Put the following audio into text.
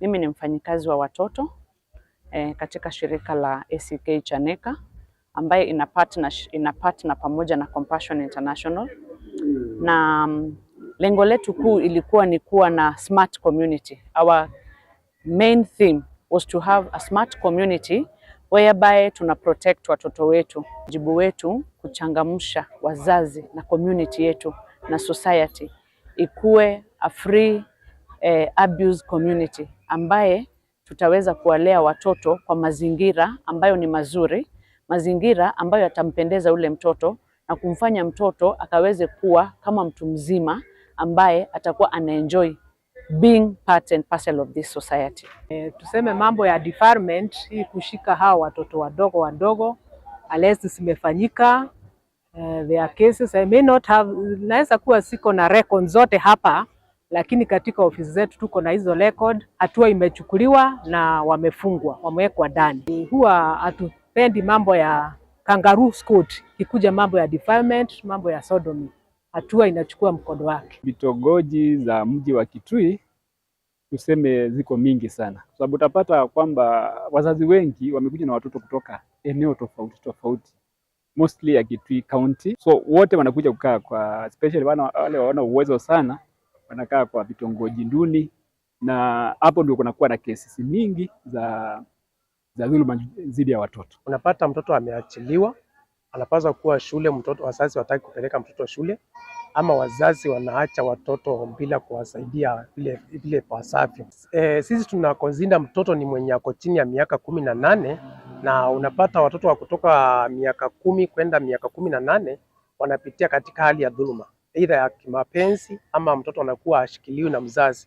Mimi ni mfanyikazi wa watoto e, katika shirika la ACK Chaneka ambaye ina partner, ina partner pamoja na Compassion International na um, lengo letu kuu ilikuwa ni kuwa na smart community. Our main theme was to have a smart community whereby tuna protect watoto wetu. Wajibu wetu kuchangamsha wazazi na community yetu na society ikuwe a free eh, abuse community ambaye tutaweza kuwalea watoto kwa mazingira ambayo ni mazuri, mazingira ambayo yatampendeza ule mtoto na kumfanya mtoto akaweze kuwa kama mtu mzima ambaye atakuwa anaenjoy being part and parcel of this society. Eh, tuseme mambo ya deferment hii kushika hawa watoto wadogo wadogo unless zimefanyika, Uh, there are cases I may not have, naweza kuwa siko na record zote hapa lakini katika ofisi zetu tuko na hizo record. Hatua imechukuliwa na wamefungwa, wamewekwa ndani. Huwa hatupendi mambo ya kangaroo court, ikuja mambo ya defilement, mambo ya sodomy, hatua inachukua mkondo wake. Vitongoji za mji wa Kitui tuseme ziko mingi sana, kwa sababu utapata kwamba wazazi wengi wamekuja na watoto kutoka eneo tofauti tofauti mostly ya Kitui County, so wote wanakuja kukaa kwa especially wale wana uwezo sana wanakaa kwa vitongoji duni, na hapo ndio kunakuwa na kesi nyingi za za dhuluma dhidi ya watoto. Unapata mtoto ameachiliwa, anapaswa kuwa shule, mtoto wazazi wataki kupeleka mtoto shule, ama wazazi wanaacha watoto bila kuwasaidia vile vile pasavyo. E, sisi tunakozinda mtoto ni mwenye ako chini ya miaka kumi na nane na unapata watoto wa kutoka miaka kumi kwenda miaka kumi na nane wanapitia katika hali ya dhuluma aidha ya kimapenzi ama mtoto anakuwa ashikiliwi na mzazi.